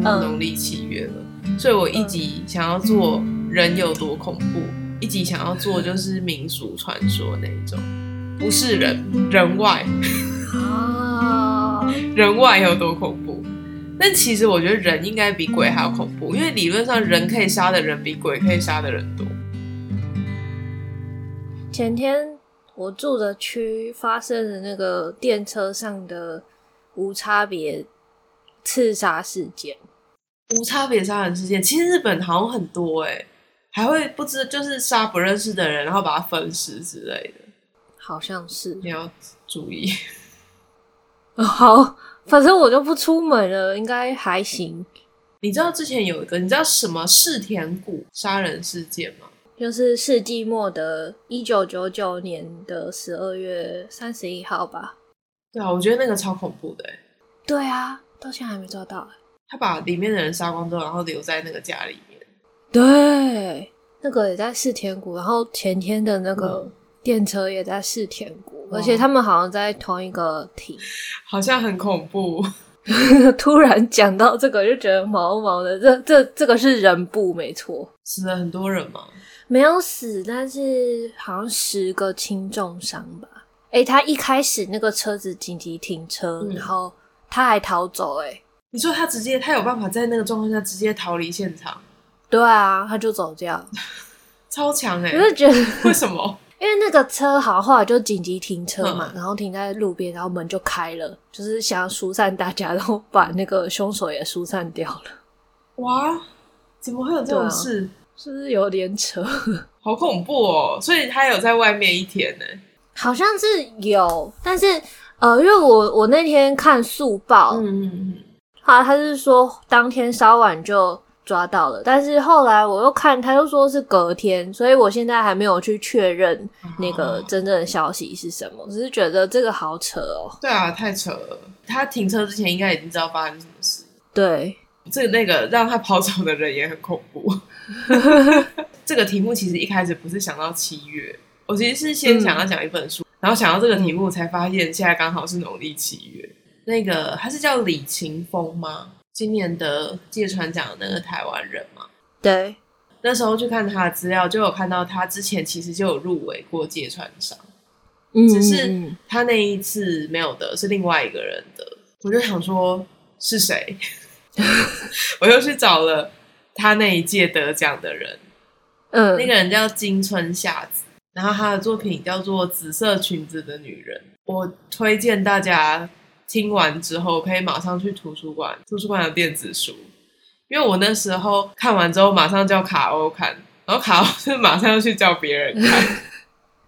農曆七月了，所以我一直想要做人有多恐怖，一直想要做就是民俗傳說那一種，不是人，人外， 人外有多恐怖？但其實我覺得人應該比鬼還要恐怖，因為理論上人可以殺的人比鬼可以殺的人多。前天我住的區發生的那個電車上的無差別刺殺事件。無差別殺人事件，其實日本好像很多誒、欸、還會不知就是殺不認識的人，然後把他分屍之類的，好像是。你要注意、哦。好，反正我就不出門了，應該還行。你知道之前有一個，你知道什麼世田谷殺人事件嗎？就是世紀末的一九九九年的十二月三十一號吧？對啊，我覺得那個超恐怖的、欸。對啊，到現在還沒抓到、欸。他把裡面的人殺光之後，然後留在那個家裡面。對，那個也在世田谷，然後前天的那個電車也在世田谷，嗯、而且他們好像在同一個停，好像很恐怖。 突然講到這個，就覺得毛毛的。這這這個是人怖沒錯，死了很多人嗎？沒有死，但是好像十個輕重傷吧。哎、欸，他一開始那個車子緊急停車，嗯、然後他還逃走、欸，哎。你說他直接，他有辦法在那個狀況下直接逃離現場？對啊，他就走掉， 超強哎、欸！我是覺得為什麼？因為那個車好後來就緊急停車嘛，嗯、然後停在路邊，然後門就開了，就是想要疏散大家，都把那個凶手也疏散掉了。哇，怎麼會有這種事？是不、啊就是有點扯？好恐怖哦！所以他有在外面一天呢、欸？好像是有，但是呃，因為我我那天看速報，嗯嗯嗯。啊，他是說當天稍晚就抓到了，但是後來我又看他又說是隔天，所以我現在還沒有去確認那個真正的消息是什麼，啊、只是覺得這個好扯哦。對啊，太扯了。他停車之前應該已經知道發生什麼事。對，這個那個讓他跑走的人也很恐怖。 這個題目其實一開始不是想到七月，我其實是先想要講一本書，嗯、然後想到這個題目，才發現現在剛好是農曆七月。那個他是叫李琴峰嗎？今年的芥川獎的那個台灣人嗎？對，那時候去看他的資料，就有看到他之前其實就有入圍過芥川獎，只是他那一次沒有得，是另外一個人的。嗯嗯嗯，我就想說是誰？ 我又去找了他那一屆得獎的人，嗯，那個人叫金春夏子，然後他的作品叫做《紫色裙子的女人》，我推薦大家。聽完之後，可以馬上去圖書館。圖書館有電子書，因為我那時候看完之後，馬上叫卡歐看，然後卡歐就是馬上要去叫別人看，嗯。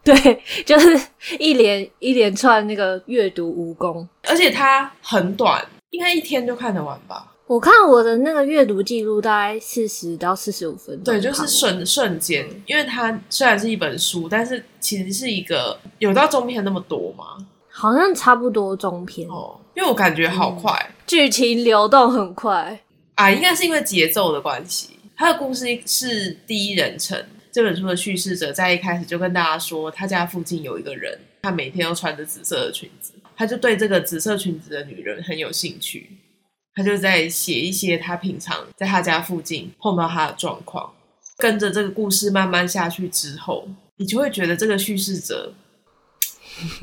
對，就是一連一連串那個閱讀蜈蚣。而且它很短，應該一天就看得完吧？我看我的那個閱讀記錄，大概四十到四十五分鐘。對，就是瞬瞬間，嗯、因為它雖然是一本書，但是其實是一個有到中篇那麼多嘛。好像差不多中篇哦，因為我感覺好快，嗯、劇情流動很快啊，應該是因為節奏的關係。他的故事是第一人稱，這本書的敘事者在一開始就跟大家說，他家附近有一個人，他每天都穿着紫色的裙子，他就對這個紫色裙子的女人很有興趣，他就在寫一些他平常在他家附近碰到他的狀況。跟着這個故事慢慢下去之後，你就會覺得這個敘事者。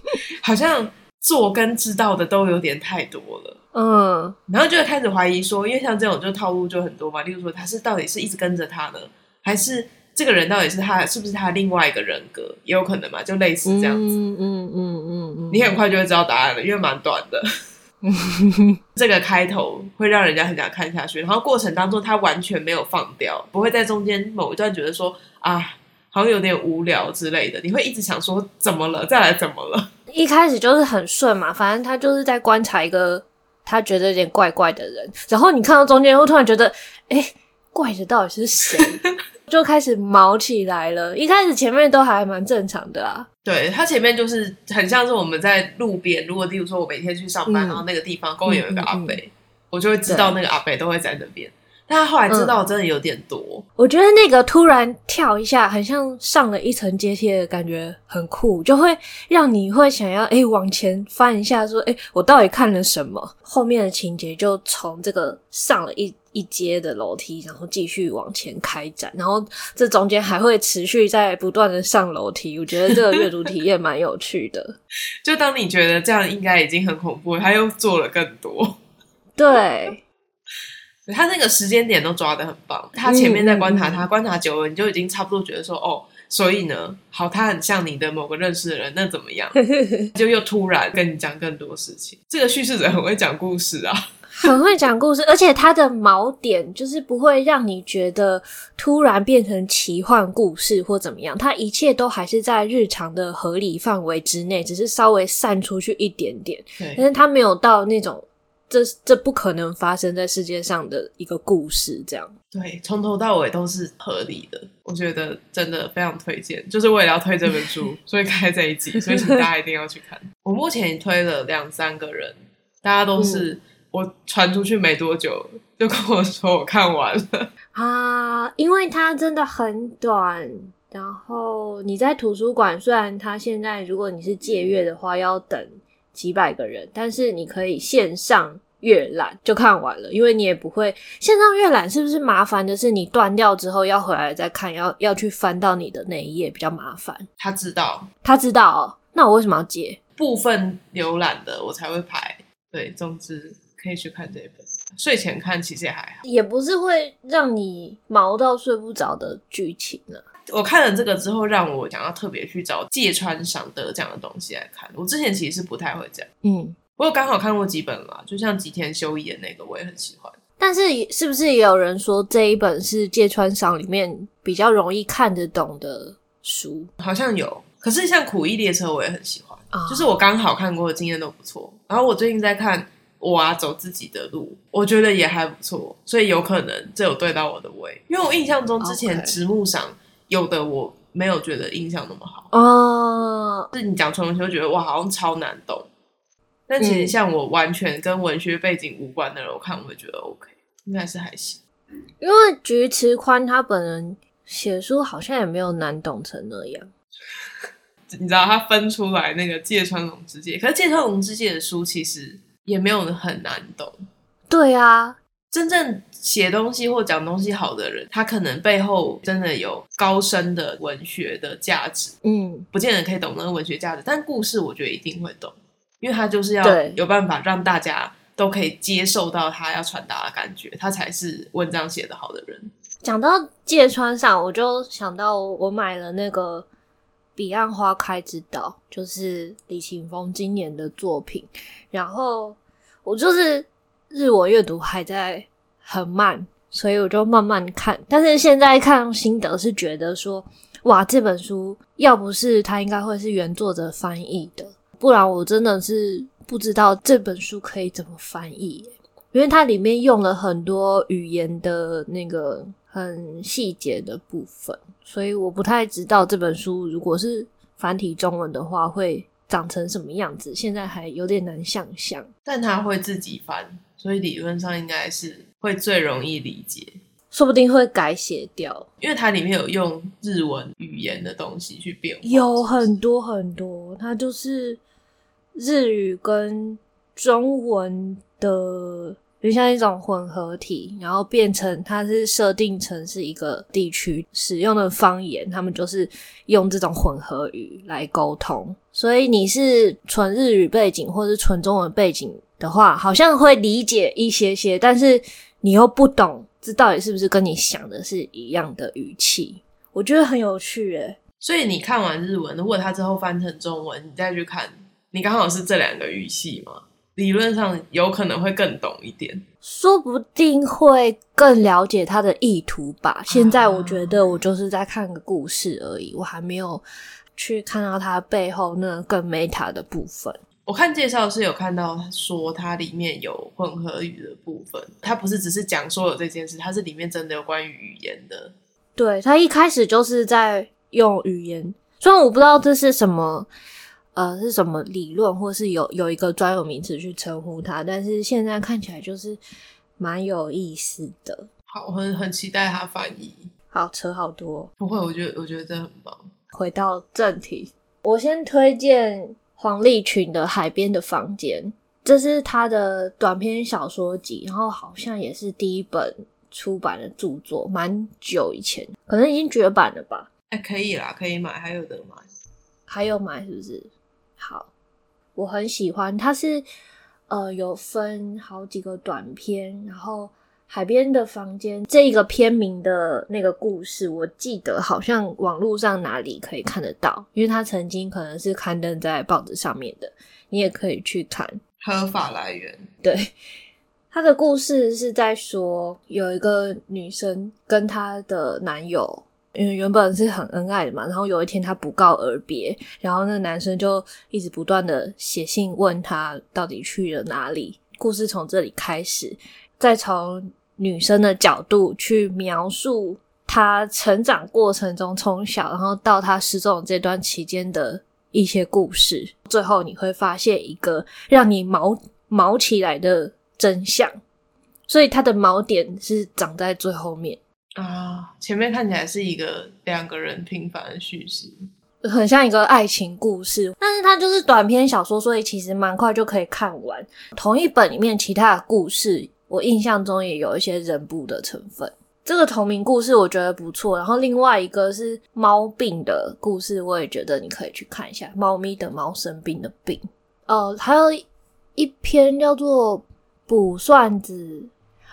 好像做跟知道的都有點太多了，嗯，然後就會開始懷疑說，因為像這種就套路就很多嘛，例如說他是到底是一直跟着他呢，還是這個人到底是他是不是他另外一個人格，也有可能嘛，就類似這樣子，嗯嗯嗯嗯，嗯，你很快就會知道答案了，因為蠻短的， 這個開頭會讓人家很想看下去，然後過程當中他完全沒有放掉，不會在中間某一段覺得說啊。好像有點無聊之類的，你會一直想說怎麼了，再來怎麼了。一開始就是很順嘛，反正他就是在觀察一個他覺得有點怪怪的人，然後你看到中間會突然覺得，哎、欸，怪的到底是誰？ 就開始毛起來了。一開始前面都還蠻正常的啊。對，他前面就是很像是我們在路邊，如果例如說我每天去上班，嗯、然後那個地方公園有一個阿北，嗯嗯嗯我就會知道那個阿北都會在那邊。但後來知道，真的有點多，嗯。我覺得那個突然跳一下，很像上了一層階梯的感覺，很酷，就會讓你會想要哎、欸，往前翻一下，說哎、欸、我到底看了什麼？後面的情節就從這個上了一一階的樓梯，然後繼續往前開展，然後這中間還會持續在不斷的上樓梯。我覺得這個閱讀體驗蠻有趣的。 就當你覺得這樣應該已經很恐怖，他又做了更多。對。他那個時間點都抓得很棒，他前面在觀察他，嗯、他觀察久了你就已經差不多覺得說哦，所以呢，好，他很像你的某個認識的人，那怎麼樣？就又突然跟你講更多事情，這個敘事者很會講故事啊，很會講故事，而且他的矛點就是不會讓你覺得突然變成奇幻故事或怎麼樣，他一切都還是在日常的合理範圍之內，只是稍微散出去一點點，對但是他沒有到那種。這這不可能發生在世界上的一個故事，這樣對，從頭到尾都是合理的，我覺得真的非常推薦，就是為了要推這本書， 所以開這一集，所以大家一定要去看。 我目前推了兩三個人，大家都是、嗯、我傳出去沒多久就跟我說我看完了啊，uh, 因為它真的很短，然後你在圖書館，雖然它現在如果你是借閱的話要等。幾百個人，但是你可以線上閱覽就看完了，因為你也不會線上閱覽，是不是麻煩的是你斷掉之後要回來再看，要要去翻到你的那一頁比較麻煩。他知道，他知道哦，那我為什麼要接部分瀏覽的我才會排？對，總之可以去看這一本，睡前看其實也還好，也不是會讓你毛到睡不着的劇情了啊。我看了這個之後，讓我想要特別去找芥川賞的這樣的東西來看。我之前其實是不太會這樣，嗯，不過剛好看過幾本了，就像吉田修一的那個，我也很喜歡。但是是不是也有人說這一本是芥川賞裡面比較容易看得懂的書？好像有，可是像苦役列車我也很喜歡，嗯，就是我剛好看過的經驗都不錯。然後我最近在看我啊走自己的路，我覺得也還不錯，所以有可能這有對到我的胃。因為我印象中之前直木賞、嗯。Okay. 有的我沒有覺得印象那麼好哦、oh. 是你講純文學覺得我好像超難懂，但其實像我完全跟文學背景無關的人，嗯、我看我會覺得 OK，應該是還行。因為菊池寬他本人寫書好像也沒有難懂成那樣， 你知道他分出來那個芥川龍之介，可是芥川龍之介的書其實也沒有很難懂。對啊，真正。寫東西或講東西好的人，他可能背後真的有高深的文學的價值，嗯，不見得可以懂那個文學價值，但故事我覺得一定會懂，因為他就是要有辦法讓大家都可以接受到他要傳達的感覺，對他才是文章寫得好的人。講到芥川賞，我就想到我買了那個《彼岸花開之島》，就是李琴峰今年的作品，然後我就是日文閱讀還在。很慢，所以我就慢慢看。但是現在看心得是覺得說，哇，這本書要不是他應該會是原作者翻譯的，不然我真的是不知道這本書可以怎麼翻譯，因為它裡面用了很多語言的那個很細節的部分，所以我不太知道這本書如果是繁體中文的話會長成什麼樣子，現在還有點難想象。但它會自己翻，所以理論上應該是。會最容易理解，說不定會改寫掉，因為它裡面有用日文語言的東西去變，有很多很多，它就是日語跟中文的，就像一種混合體，然後變成它是設定成是一個地區使用的方言，他們就是用這種混合語來溝通，所以你是純日語背景或是純中文背景的話，好像會理解一些些，但是。你又不懂，這到底是不是跟你想的是一樣的語氣？我覺得很有趣耶。所以你看完日文，如果他之後翻成中文，你再去看，你剛好是這兩個語系嘛，理論上有可能會更懂一點，說不定會更了解他的意圖吧。現在我覺得我就是在看個故事而已，我還沒有去看到他背後那個更 meta 的部分。我看介紹是有看到說它裡面有混合語的部分，它不是只是講說有這件事，它是裡面真的有關於語言的。對，它一開始就是在用語言，雖然我不知道這是什麼，呃，是什麼理論，或是有有一個專有名詞去稱呼它，但是現在看起來就是蠻有意思的。好，我很很期待它翻譯。好，扯好多。不會，我覺得我覺得真的很棒。回到正題，我先推薦。黃麗群的《海邊的房間》，這是他的短篇小說集，然後好像也是第一本出版的著作，蠻久以前，可能已經絕版了吧？哎、欸，可以啦，可以買，還有得買，還有買是不是？好，我很喜歡，它是呃有分好幾個短篇，然後。海邊的房間，這個片名的那個故事，我記得好像網絡上哪裡可以看得到，因為他曾經可能是刊登在報紙上面的，你也可以去看合法來源。對，他的故事是在說有一個女生跟她的男友，因為原本是很恩愛的嘛，然後有一天他不告而別，然後那個男生就一直不斷的寫信問他到底去了哪裡。故事從這裡開始，再從。女生的角度去描述她成長過程中從小，然後到她失蹤這段期間的一些故事，最後你會發現一個讓你毛毛起來的真相。所以它的毛點是長在最後面啊，前面看起來是一個兩個人平凡的敘事，很像一個愛情故事，但是它就是短篇小說，所以其實蠻快就可以看完。同一本裡面其他的故事。我印象中也有一些人怖的成分，這個同名故事我覺得不錯。然後另外一個是貓病的故事，我也覺得你可以去看一下《貓咪的貓生病的病》。呃，還有一篇叫做《卜算子》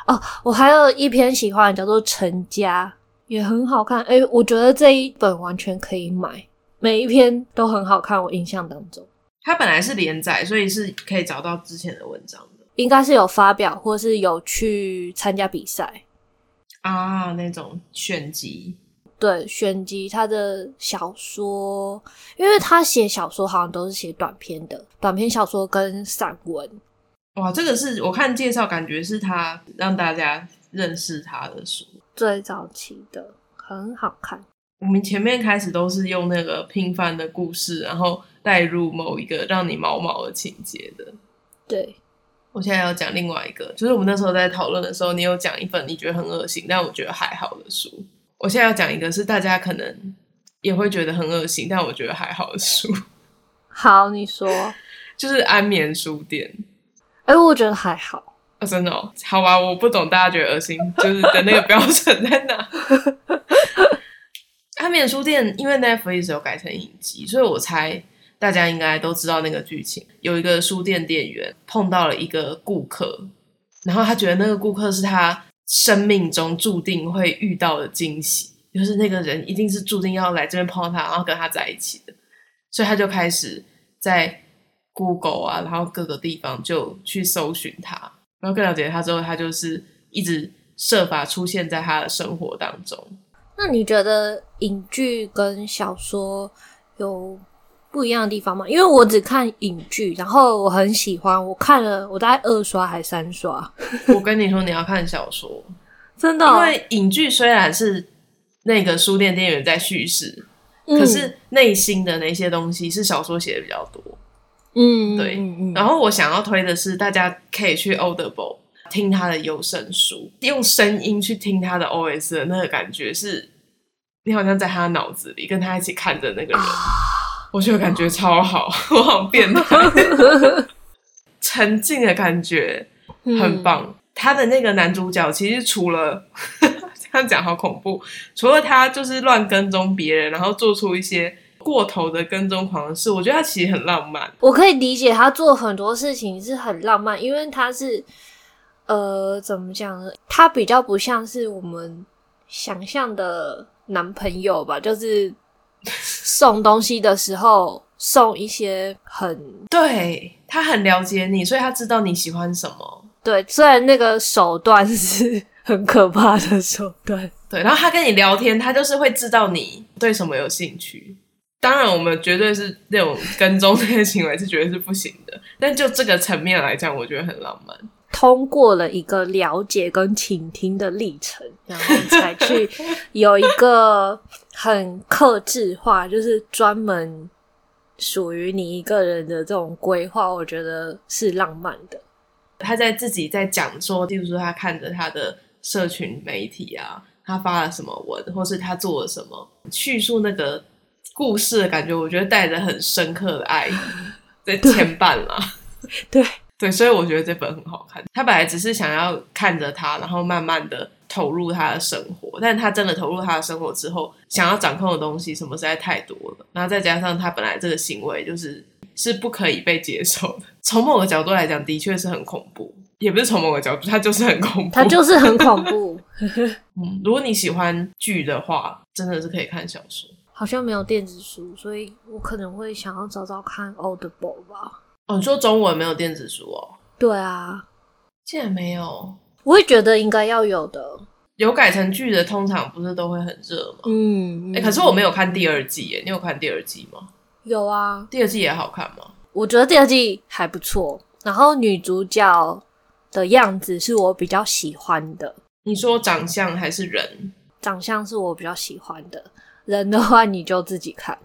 哦、呃，我還有一篇喜歡叫做《成家》，也很好看。哎、欸，我覺得這一本完全可以買，每一篇都很好看。我印象當中，它本來是連載，所以是可以找到之前的文章。應該是有發表，或是有去參加比賽啊？那種選集，對選集他的小說，因為他寫小說好像都是寫短篇的，短篇小說跟散文。哇，這個是我看介紹，感覺是他讓大家認識他的書，最早期的，很好看。我們前面開始都是用那個平凡的故事，然後帶入某一個讓你毛毛的情節的，對。我現在要講另外一個，就是我們那時候在討論的時候，你有講一份你覺得很噁心，但我覺得還好的書。我現在要講一個是大家可能也會覺得很噁心，但我覺得還好的書。好，你說，就是《安眠書店》。哎、欸，我覺得還好。哦、真的、哦？好吧，我不懂大家覺得噁心，就是的那個標準在哪？《 安眠書店》因為 Netflix 有改成影集，所以我才。大家應該都知道那個劇情，有一個書店店員碰到了一個顧客，然後他覺得那個顧客是他生命中注定會遇到的驚喜，就是那個人一定是注定要來這邊碰到他，然後跟他在一起的，所以他就開始在 Google 啊，然後各個地方就去搜尋他，然後更了解他之後，他就是一直設法出現在他的生活當中。那你覺得影劇跟小說有不一樣的地方嘛，因為我只看影劇，然後我很喜歡，我看了，我大概二刷還是三刷。 我跟你說，你要看小說，真的，哦，因為影劇雖然是那個書店店員在敘事，嗯、可是內心的那些東西是小說寫的比較多。嗯，對。嗯嗯、然後我想要推的是，大家可以去 Audible 聽他的有聲書，用聲音去聽他的 O S 的那個感覺是，是你好像在他的腦子裡，跟他一起看着那個人。啊我覺得感覺超好，哇我好變態， 沉浸的感覺很棒。嗯、他的那個男主角，其實除了這樣講 好恐怖，除了他就是亂跟蹤別人，然後做出一些過頭的跟蹤狂的事。我覺得他其實很浪漫，我可以理解他做很多事情是很浪漫，因為他是呃，怎麼講呢？他比較不像是我們想象的男朋友吧，就是。送東西的時候，送一些很對他很了解你，所以他知道你喜歡什麼。對，雖然那個手段是很可怕的手段，對。然後他跟你聊天，他就是會知道你對什麼有興趣。當然，我們絕對是那種跟蹤這些行為是絕對是不行的。 但就這個層面來講，我覺得很浪漫。通過了一個了解跟傾聽的歷程，然後才去有一個很客製化，就是專門屬於你一個人的這種規劃。我覺得是浪漫的。他在自己在講說，例如說他看着他的社群媒體啊，他發了什麼文，或是他做了什麼，敘述那個故事的感覺，我覺得帶着很深刻的愛在牽絆啦對。對對，所以我覺得這本很好看。他本來只是想要看着他，然後慢慢的投入他的生活，但是他真的投入他的生活之後，想要掌控的東西什麼實在太多了。然後再加上他本來這個行為就是是不可以被接受的，從某個角度來講，的確是很恐怖。也不是從某個角度，他就是很恐怖。他就是很恐怖、 嗯。如果你喜歡劇的話，真的是可以看小說。好像沒有電子書，所以我可能會想要找找看 Audible 吧。哦，你說中文沒有電子書哦？對啊，現在沒有，我會覺得應該要有的。有改成劇的，通常不是都會很熱嗎？嗯，嗯，哎、欸，可是我沒有看第二季、欸，誒，你有看第二季嗎？有啊，第二季也好看嗎？我覺得第二季還不錯，然後女主角的樣子是我比較喜歡的。你說長相還是人？長相是我比較喜歡的。人的話你就自己看，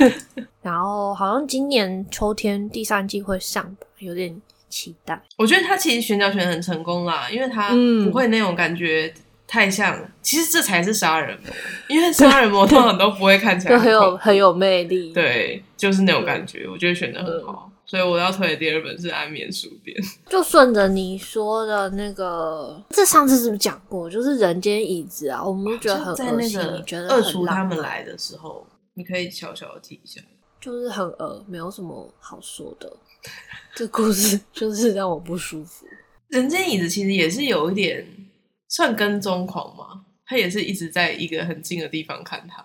然後好像今年秋天第三季會上吧，有點期待。我覺得他其實選角選的很成功啦，因為他不會那種感覺太像，嗯、其實這才是殺人魔，因為殺人魔通常都不會看起來很恐怖。對 就很有很有魅力，對，就是那種感覺，對我覺得選的很好。嗯所以我要推的第二本是《安眠書店》，就順着你說的那個，這上次是不是講過？啊、就是《人間椅子》啊，我們覺得很惡心就在那個你覺得很二廚他們來的時候，你可以小小的提一下，就是很惡，沒有什麼好說的。 這故事就是讓我不舒服。《人間椅子》其實也是有一點算跟蹤狂嘛，他也是一直在一個很近的地方看他。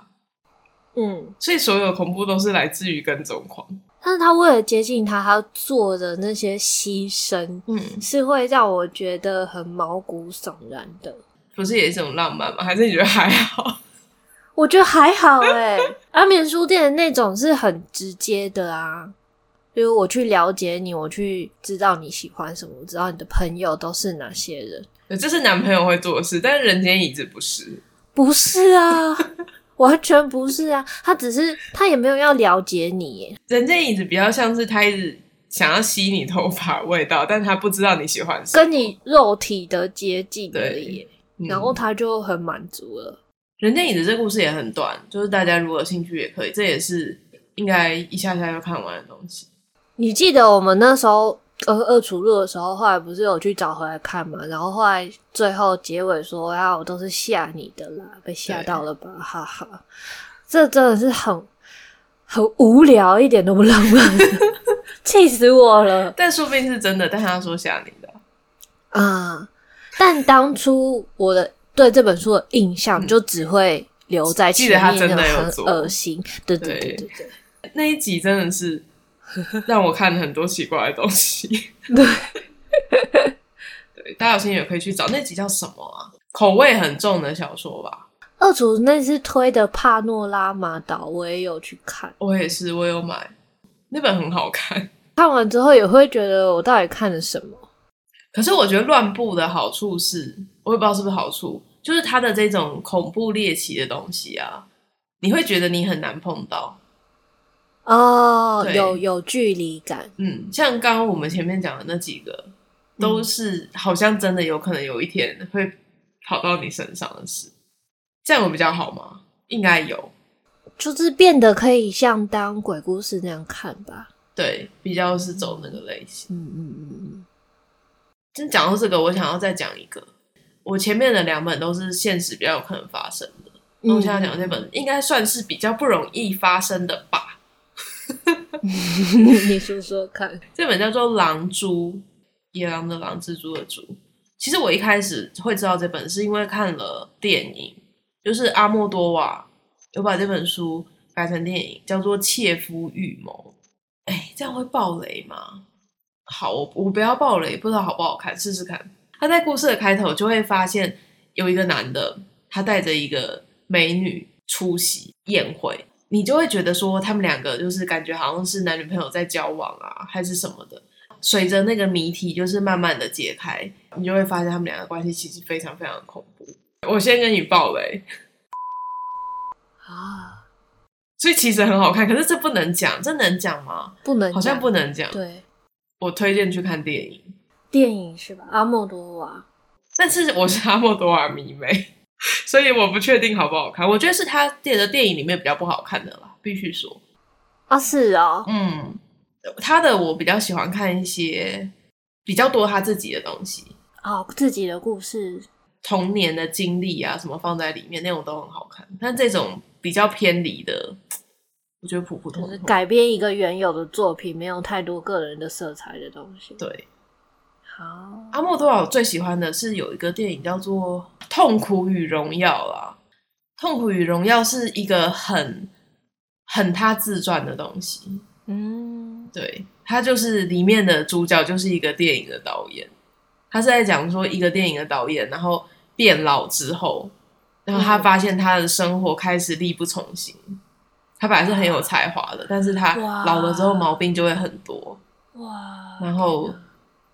嗯，所以所有恐怖都是來自於跟蹤狂。但是他為了接近他，他做的那些犧牲，嗯，是會讓我覺得很毛骨悚然的。不是也是種浪漫嗎？還是你覺得還好？我覺得還好誒、欸。安 眠書店的那種是很直接的啊，比如我去了解你，我去知道你喜歡什麼，我知道你的朋友都是哪些人。這是男朋友會做的事，但是人間椅子不是，不是啊。 完全不是啊，他只是他也沒有要了解你耶。人間椅子比較像是他一直想要吸你頭髮味道，但他不知道你喜歡什麼。跟你肉體的接近而已，對，嗯、然後他就很滿足了。人間椅子這故事也很短，就是大家如果有興趣也可以，這也是應該一下下就看完的東西。你記得我們那時候？二二出路的時候，後來不是有去找回來看嘛？然後後來最後結尾說：“呀、啊，我都是嚇你的啦，被嚇到了吧？”對哈哈，這真的是很很無聊，一點都不浪漫，氣 死我了！但說不定是真的。但他說嚇你的啊、嗯，但當初我的對這本書的印象就只會留在，覺得他真的很噁心，對對對對對，那一集真的是。讓我看了很多奇怪的東西。對， 對，大家有心也可以去找那集叫什麼啊？口味很重的小說吧。二組那是推的《帕諾拉馬島》，我也有去看，我也是，我有買，那本很好看。看完之後也會覺得我到底看了什麼？可是我覺得亂步的好處是，我也不知道是不是好處，就是它的這種恐怖獵奇的東西啊，你會覺得你很難碰到。哦，oh, 對有有距離感。嗯，像剛剛我們前面講的那幾個，都是好像真的有可能有一天會跑到你身上的事，這樣會比較好嗎？應該有，就是變得可以像當鬼故事那樣看吧。對，比較是走那個類型。嗯嗯嗯嗯。就、嗯嗯嗯、講到這個，我想要再講一個。我前面的兩本都是現實比較有可能發生的，嗯、那我現在講的這本應該算是比較不容易發生的吧。 你說說看，這本叫做《狼蛛》，野狼的狼，蜘蛛的蛛。其實我一開始會知道這本是因為看了電影，就是阿莫多瓦有把這本書改成電影，叫做《切膚慾謀》。哎，這樣會爆雷嗎？好我，我不要爆雷，不知道好不好看，試試看。他在故事的開頭就會發現有一個男的，他帶着一個美女出席宴會。你就會覺得說他們兩個就是感覺好像是男女朋友在交往啊，還是什麼的。隨着那個謎題就是慢慢的解開，你就會發現他們兩個關係其實非常非常恐怖。我先跟你爆雷啊，所以其實很好看，可是這不能講，這能講嗎？不能，好像不能講。對，我推薦去看電影，電影是吧？阿莫多瓦，但是我是阿莫多瓦迷妹。所以我不確定好不好看，我覺得是他的電影裡面比較不好看的啦，必須說啊，是啊、哦，嗯，他的我比較喜歡看一些比較多他自己的東西哦，自己的故事、童年的經歷啊什麼放在裡面那種都很好看，但這種比較偏離的，我覺得普普通通，改編一個原有的作品，沒有太多個人的色彩的東西，對。好阿莫多瓦，我最喜歡的是有一個電影叫做《痛苦與榮耀》啦，《痛苦與榮耀》是一個很很他自傳的東西。嗯，對，他就是裡面的主角，就是一個電影的導演。他是在講說一個電影的導演，嗯、然後變老之後，然後他發現他的生活開始力不從心。嗯、他本來是很有才華的，但是他老了之後毛病就會很多。哇，哇然後。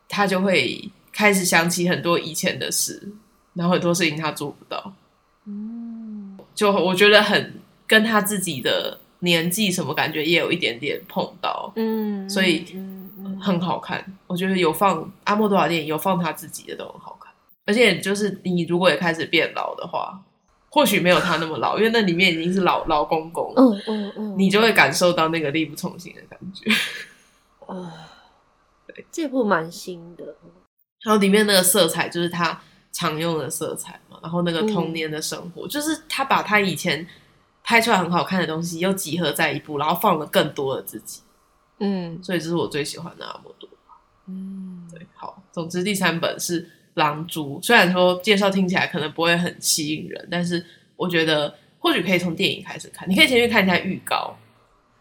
他就會開始想起很多以前的事，然後很多事情他做不到，嗯、就我覺得很跟他自己的年紀什麼感覺也有一點點碰到，嗯，所以很好看。嗯嗯、我覺得有放阿莫多瓦電影，有放他自己的都很好看。而且就是你如果也開始變老的話，或許沒有他那麼老，因為那裡面已經是老老公公了嗯，嗯嗯嗯，你就會感受到那個力不從心的感覺，嗯嗯嗯 對這部蠻新的，然後裡面那個色彩就是他常用的色彩嘛，然後那個童年的生活，嗯、就是他把他以前拍出來很好看的東西又集合在一部，然後放了更多的自己，嗯，所以這是我最喜歡的阿莫多。嗯對，好，總之第三本是《狼蛛》，雖然說介紹聽起來可能不會很吸引人，但是我覺得或許可以從電影開始看，嗯、你可以先去看一下預告，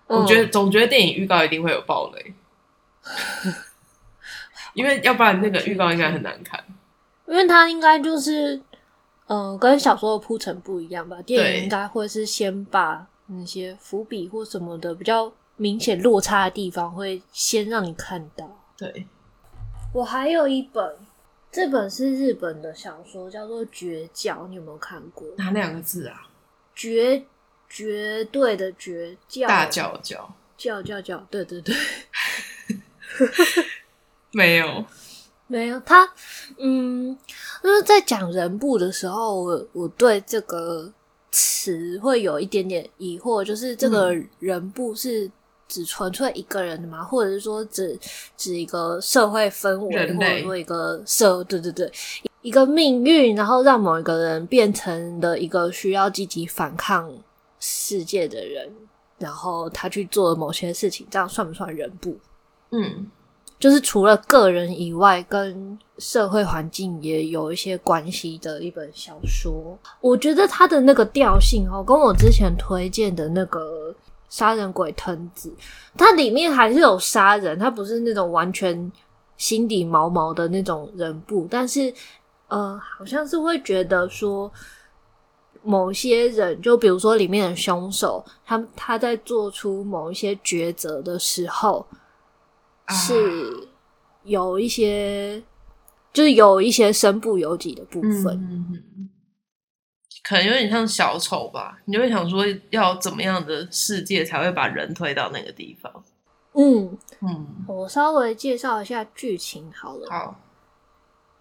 嗯、我覺得總覺得電影預告一定會有暴雷。 因為要不然那個預告應該很難看，因為它應該就是，嗯、呃，跟小說的鋪陳不一樣吧。對電影應該會是先把那些伏筆或什麼的比較明顯落差的地方會先讓你看到。對，我還有一本，這本是日本的小說，叫做《絕叫》，你有沒有看過？哪兩個字啊？絕，絕對的絕叫，大叫，叫叫叫叫，對對對。 沒有，沒有他，嗯，就是在講人怖的時候，我我對這個詞會有一點點疑惑，就是這個人怖是只純粹一個人的嗎？嗯、或者是說，只指一個社會氛圍，人類或者說一個社，對對對，一個命運，然後讓某一個人變成了一個需要積極反抗世界的人，然後他去做某些事情，這樣算不算人怖？嗯。就是除了個人以外，跟社會環境也有一些關係的一本小說。我覺得它的那個調性哦，跟我之前推薦的那個《殺人鬼藤子》，它裡面還是有殺人，它不是那種完全心底毛毛的那種人物，但是呃，好像是會覺得說，某些人，就比如說裡面的兇手，他他在做出某一些抉擇的時候。是有一些，就是有一些身不由己的部分。嗯嗯嗯，可能有點像小丑吧。你就會想說，要怎麼樣的世界才會把人推到那個地方？嗯嗯，嗯，我稍微介紹一下劇情好了。好，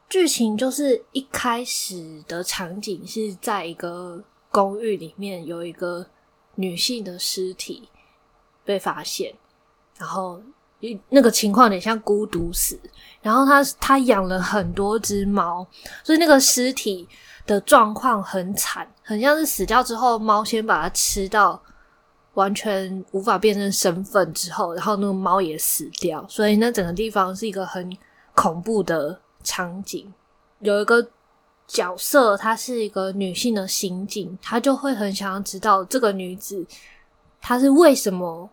劇情就是一開始的場景是在一個公寓裡面，有一個女性的屍體被發現，然後。那個情況有點像孤獨死，然後他他養了很多隻貓，所以那個屍體的狀況很慘，很像是死掉之後貓先把它吃到完全無法辨認身份之後，然後那個貓也死掉，所以那整個地方是一個很恐怖的場景。有一個角色，她是一個女性的刑警，她就會很想要知道這個女子她是為什麼。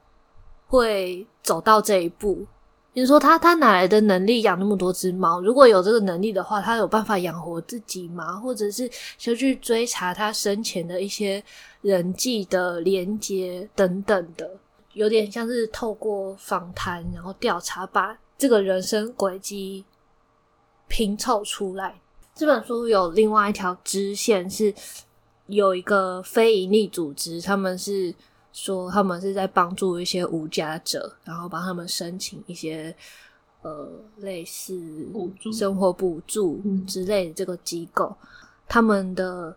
會走到這一步，比如說他他哪來的能力養那麼多隻貓？如果有這個能力的話，他有辦法養活自己嗎？或者是先去追查他生前的一些人際的連結等等的，有點像是透過訪談然後調查，把這個人生軌跡拼湊出來。這本書有另外一條支線是有一個非營利組織，他們是。說他們是在幫助一些無家者，然後幫他們申請一些呃類似生活補助之類的這個機構，嗯、他們的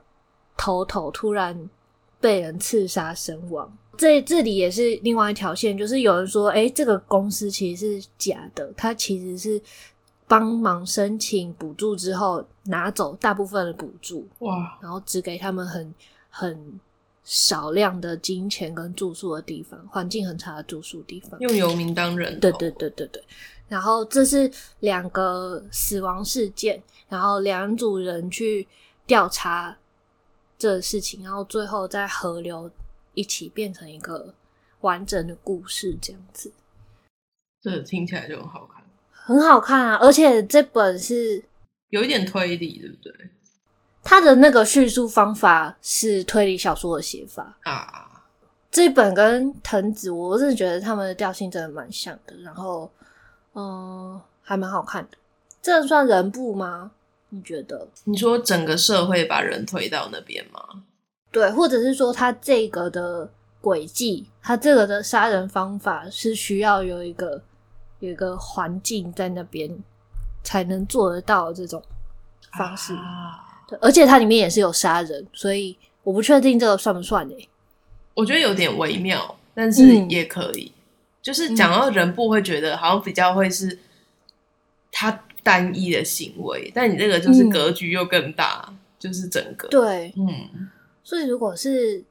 頭頭突然被人刺殺身亡。這這裡也是另外一條線，就是有人說，哎，這個公司其實是假的，它其實是幫忙申請補助之後拿走大部分的補助，哇、嗯，然後只給他們很很。少量的金錢跟住宿的地方，環境很差的住宿的地方，用游民當人頭。對對對對對，然後這是兩個死亡事件，然後兩組人去調查這事情，然後最後再合流一起變成一個完整的故事，這樣子。這聽起來就很好看，很好看啊！而且這本是有一點推理，對不對？他的那個敘述方法是推理小說的寫法啊，這本跟藤子，我是覺得他們的調性真的蠻像的，然後嗯，還蠻好看的。這人算人怖嗎？你覺得？你說整個社會把人推到那邊嗎？對，或者是說他這個的詭計，他這個的殺人方法是需要有一個有一個環境在那邊才能做得到這種方式，啊而且它裡面也是有殺人，所以我不確定這個算不算哎。我覺得有點微妙，但是也可以。嗯、就是講到人怖會覺得好像比較會是他單一的行為，嗯、但你這個就是格局又更大，嗯、就是整個對，嗯。所以如果是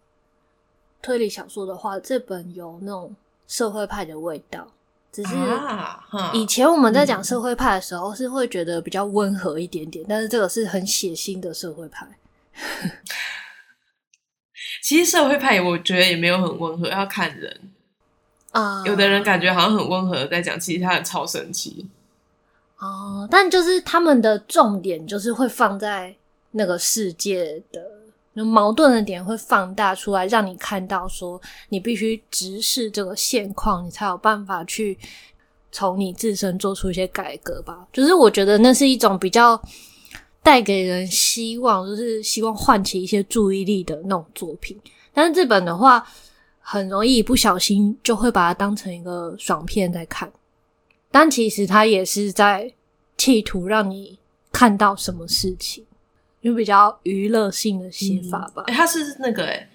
推理小說的話，這本有那種社會派的味道。只是以前我們在講社會派的時候，是會覺得比較溫和一點點，啊嗯、但是這個是很血腥的社會派。 其實社會派我覺得也沒有很溫和，要看人啊。呃、有的人感覺好像很溫和的在講，其實他很超神奇。哦、呃，但就是他們的重點就是會放在那個世界的。那矛盾的點會放大出來，讓你看到說你必須直視這個現況，你才有辦法去從你自身做出一些改革吧。就是我覺得那是一種比較帶給人希望，就是希望喚起一些注意力的那種作品。但是這本的話，很容易不小心就會把它當成一個爽片在看，但其實它也是在企圖讓你看到什麼事情。就比較娛樂性的寫法吧。哎、嗯，他、欸、是那個哎、欸，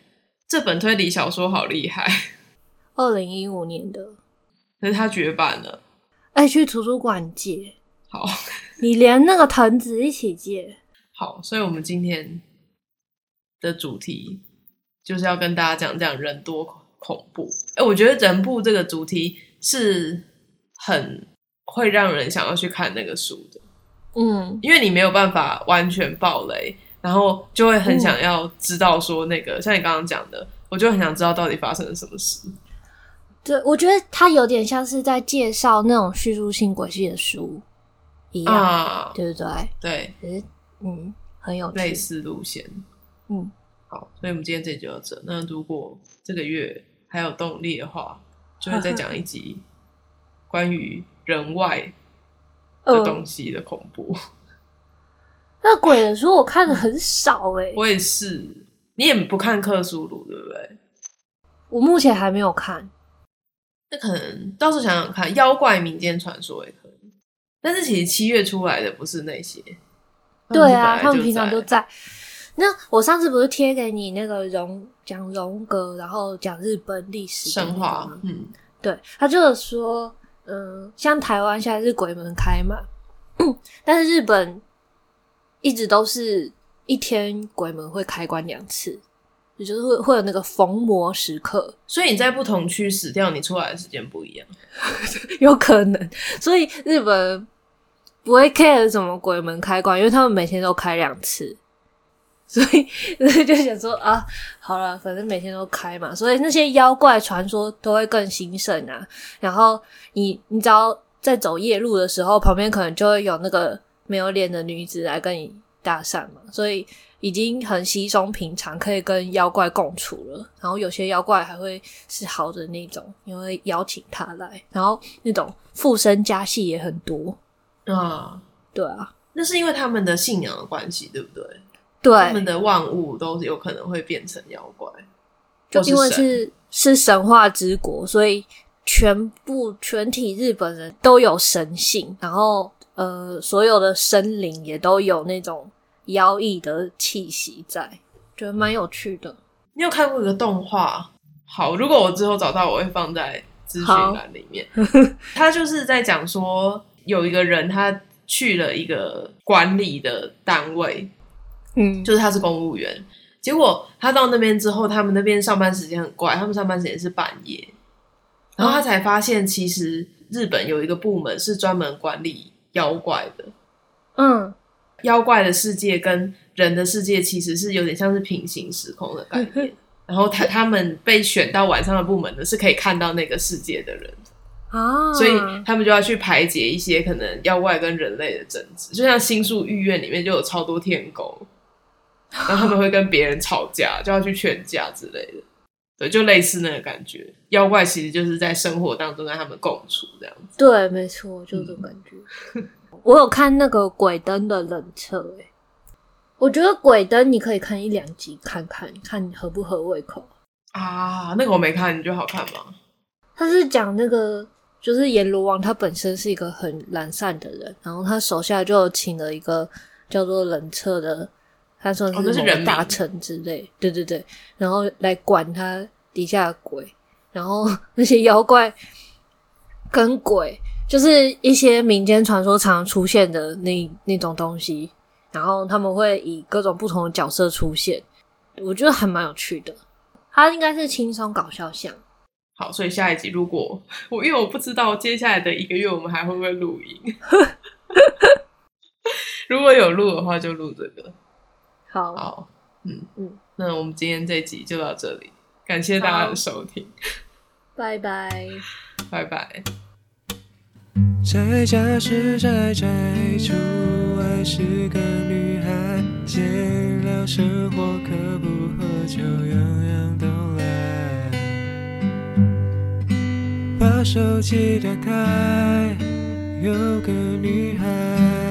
這本推理小說好厲害。二零一五年的，可是他絕版了。哎，去圖書館借。好，你連那個藤子一起借。好，所以我們今天的主題就是要跟大家講講人多恐怖。哎、欸，我覺得人怖這個主題是很會讓人想要去看那個書的。嗯，因為你沒有辦法完全爆雷，然後就會很想要知道說那個，嗯、像你剛剛講的，我就很想知道到底發生了什麼事。對，我覺得他有點像是在介紹那種敘述性詭計的書一樣，嗯、對不對？對，嗯，很有類似路線。嗯，好，所以我們今天這集就到這。那如果這個月還有動力的話，就會再講一集關於人外。這、呃、東西的恐怖，那鬼的書我看得很少哎、欸嗯，我也是，你也不看克蘇魯對不對？我目前還沒有看，那可能到時候想想看，妖怪民間傳說也可以。但是其實七月出來的不是那些，對啊，他們平常都在。那我上次不是貼給你那個榮講榮格，然後講日本歷史神話，嗯，對，他就是說。嗯，像台灣現在是鬼門開嘛，嗯，但是日本一直都是一天鬼門會開關兩次，也就是會會有那個逢魔時刻。所以你在不同區死掉，你出來的時間不一樣， 有可能。所以日本不會 care 什麼鬼門開關，因為他們每天都開兩次。所以 就想說啊，好了，反正每天都開嘛，所以那些妖怪傳說都會更興盛啊。然後你你知道，在走夜路的時候，旁邊可能就會有那個沒有臉的女子來跟你搭訕嘛。所以已經很稀鬆平常，可以跟妖怪共處了。然後有些妖怪還會是好的那種，你會邀請他來。然後那種附身加戲也很多啊。嗯、對啊，那是因為他們的信仰的關係，對不對？對他們的萬物都有可能會變成妖怪，就因為是是神話之國，所以全部全體日本人都有神性，然後呃，所有的森林也都有那種妖異的氣息在，覺得蠻有趣的。你有看過一個動畫？好，如果我之後找到，我會放在資訊欄裡面。好 他就是在講說，有一個人他去了一個管理的單位。嗯，就是他是公務員，結果他到那邊之後，他們那邊上班時間很怪，他們上班時間是半夜，然後他才發現，其實日本有一個部門是專門管理妖怪的。嗯，妖怪的世界跟人的世界其實是有點像是平行時空的感覺。呵呵，然後他他們被選到晚上的部門呢，是可以看到那個世界的人啊，所以他們就要去排解一些可能妖怪跟人類的爭執，就像新宿御苑裡面就有超多天狗。然後他們會跟別人吵架，就要去勸架之類的，對，就類似那個感覺。妖怪其實就是在生活當中跟他們共處這樣子。對，沒錯，就這種感覺。嗯、 我有看那個《鬼燈的冷徹》哎，我覺得《鬼燈》你可以看一兩集看看，看你合不合胃口啊？那個我沒看，你覺得好看嗎？他是講那個，就是閻羅王他本身是一個很懶散的人，然後他手下就請了一個叫做冷徹的。他說他們是人達成之類，哦、對對對，然後來管他底下的鬼，然後那些妖怪跟鬼，就是一些民間傳說常、常出現的那那種東西，然後他們會以各種不同的角色出現，我覺得還蠻有趣的。他應該是輕鬆搞笑向。好，所以下一集如果我，因為我不知道接下來的一個月我們還會不會錄音， 如果有錄的話就錄這個。好，好，嗯嗯，那我們今天這集就到這裡，感謝大家的收聽，拜拜，拜拜。在家是宅宅，出外是個女孩，把手機打開，有個女孩。